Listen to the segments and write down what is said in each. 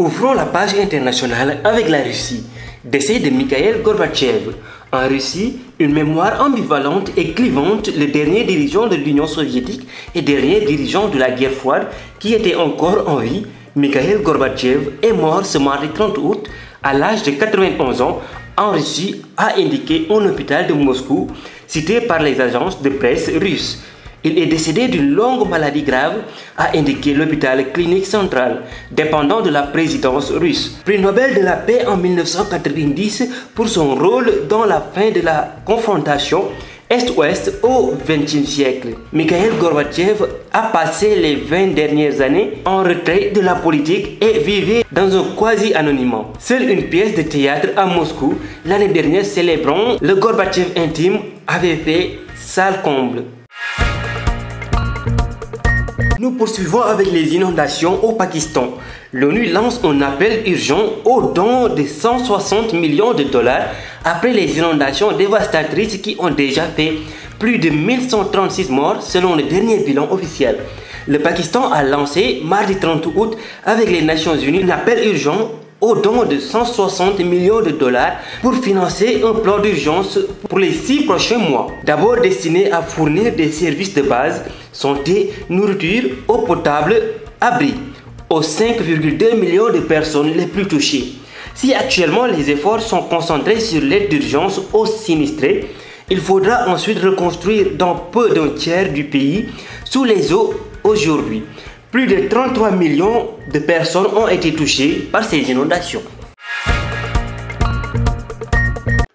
Ouvrons la page internationale avec la Russie. Décès de Mikhail Gorbatchev. En Russie, une mémoire ambivalente et clivante, le dernier dirigeant de l'Union soviétique et dernier dirigeant de la guerre froide qui était encore en vie, Mikhail Gorbatchev, est mort ce mardi 30 août à l'âge de 91 ans en Russie, a indiqué un hôpital de Moscou cité par les agences de presse russes. Il est décédé d'une longue maladie grave, a indiqué l'hôpital clinique central, dépendant de la présidence russe. Prix Nobel de la paix en 1990 pour son rôle dans la fin de la confrontation Est-Ouest au XXe siècle. Mikhail Gorbatchev a passé les 20 dernières années en retrait de la politique et vivait dans un quasi-anonymat. Seule une pièce de théâtre à Moscou l'année dernière célébrant le Gorbatchev intime avait fait salle comble. Nous poursuivons avec les inondations au Pakistan. L'ONU lance un appel urgent au don de 160 millions de dollars après les inondations dévastatrices qui ont déjà fait plus de 1136 morts selon le dernier bilan officiel. Le Pakistan a lancé mardi 30 août avec les Nations Unies un appel urgent au don de 160 millions de dollars pour financer un plan d'urgence pour les six prochains mois. D'abord destiné à fournir des services de base, santé, nourriture, eau potable, abri aux 5,2 millions de personnes les plus touchées. Si actuellement les efforts sont concentrés sur l'aide d'urgence aux sinistrés, il faudra ensuite reconstruire dans peu d'un tiers du pays sous les eaux aujourd'hui. Plus de 33 millions de personnes ont été touchées par ces inondations.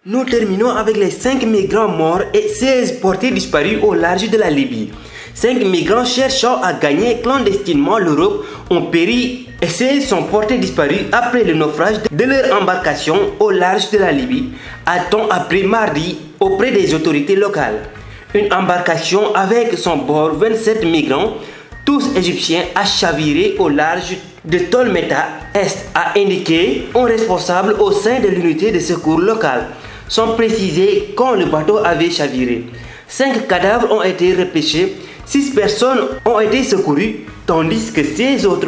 Nous terminons avec les 5 migrants morts et 16 portés disparus au large de la Libye. 5 migrants cherchant à gagner clandestinement l'Europe ont péri et 16 sont portés disparus après le naufrage de leur embarcation au large de la Libye, à temps après mardi auprès des autorités locales. Une embarcation avec son bord 27 migrants tous Égyptiens à chaviré au large de Tolmeta Est, a indiqué un responsable au sein de l'unité de secours locale, sans préciser quand le bateau avait chaviré. Cinq cadavres ont été repêchés, six personnes ont été secourues, tandis que six autres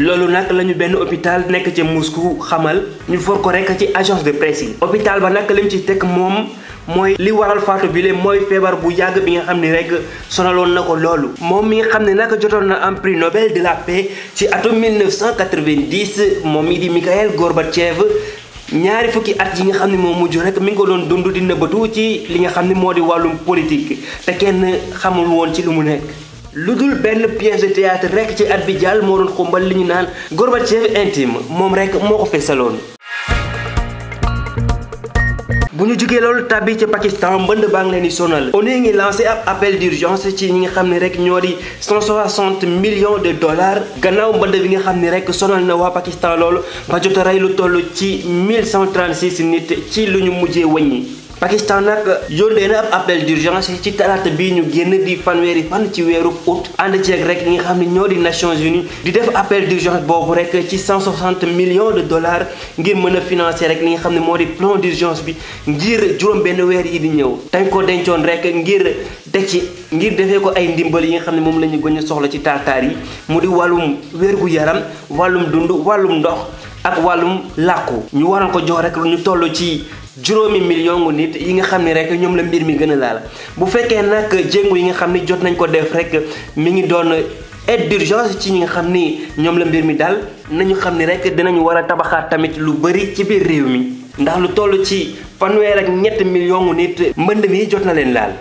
loolu nag la ñu benn hôpital nekk ca Moscou xamal ñu for ko rek ci agence de presse yi hôpital ba nag lim ci teg moom mooy li waral faatu bi le mooy feebar bu yàgg bi nga xam ne rek sonaloon na ko loolu moom mi nga xam ne nag jotoon na am prix Nobel de la paix ci atum 1990 moom mi di Mikhail Gorbatchev ñaari fukki at yi nga xam ne moo mujj rek mi ngi ko doon dund di nëbbatu ci li nga xam ni moo di wàllum politique te kenn xamul woon ci lu mu nekk lu dul benn pièce de théâtre rek ci at bi jàll moo doon xumbal li ñu naan Gorbatchev intime moom rek moo ko feesaloon bu ñu jugee loolu tàbbi ci Pakistan mbënd baa ngi leen di sonal ONU ngi lancé ab appel d'urgence ci ñi nga xam ne rek ñoo di 160 millions de dollars gannaaw mbënd bi nga xam ni rek sonal na waa Pakistan loolu ba jot rey lu toll ci 1136 nit ci lu ñu mujjee wëññi Pakistan nag yónnee na ab appel d'urgence ci talaata bii ñu génn di fanweeri fan ci weeru août ànd ceeg rek ñi nga xam ne ñoo di Nations Unies di def appel d'urgence boobu rek ci 160 millions de dollars ngir mën a financer rek li nga xam ne moo di plan d'urgence bi ngir juróom-benn weer yi di ñëw dañ ko dencoon rek ngir teg ci ngir defee ko ay ndimbal yi nga xam ne moom la ñu gën a soxla ci tartaar yi mu di wàllum wér-gu-yaram wàllum dund wàllum ndox ak wàllum làkku ñu waroon ko jox rek ñu toll ci juróomi million nit yi nga xam ne rek ñoom la mbir mi gën a laal bu fekkee nag jéngu yi nga xam ni jot nañ ko def rek mi ngi doon aide ci ñi nga xam ni ñoom la mbir mi daal nañu xam ni rek dinañu war a tabaxaat tamit lu bëri ci biir réew mi ndax lu toll ci fanweer ak ñett million nit mbënn mi jot na leen laal.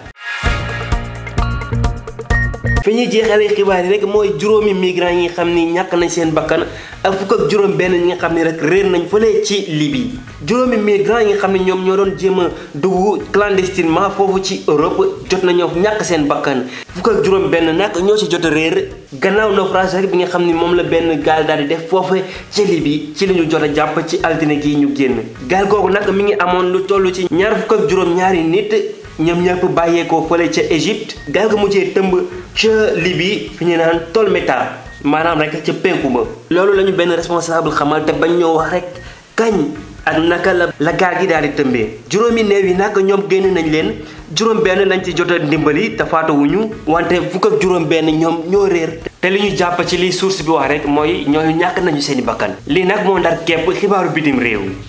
fi ñuy jeexalee xibaar yi rek mooy juróomi migrants yi xam ni ñàkk nañ seen bakkan ak fukk ak juróom benn ñi nga xam ni rek réer nañ fële ci Libye juróomi migrants yi nga xam ne ñoom ñoo doon jéem a dugg clandestinement foofu ci Europe jot nañoo ñàkk seen bakkan fukk ak juróom benn nag ñoo si jot a réer gannaaw naufrage rek bi nga xam ni moom la benn gaal daal di def foofu ci Libye ci la ñu jot a jàpp ci altine gi ñu génn gaal googu nag mi ngi amoon lu toll ci ñaar fukk ak ñoom ñëpp bàyyeekoo fële ca Égypte gaal ga mujjee tëmb ca Libye fi ñu naan Tolmeta maanaam rek ca penku ba loolu la ñu benn responsable xamal te bañ ñoo wax rek kañ ak naka la la gi daal di tëmbee juróomi néew yi nag ñoom génn nañ leen juróom benn nañ ci jot a ndimbali te faatuwuñu wante fukk ak juróom benn ñoom ñoo réer te li ñu jàpp ci li source bi wax rek mooy ñooñu ñàkk nañu seen i bakkan lii nag moo ndar képp xibaaru bitim réew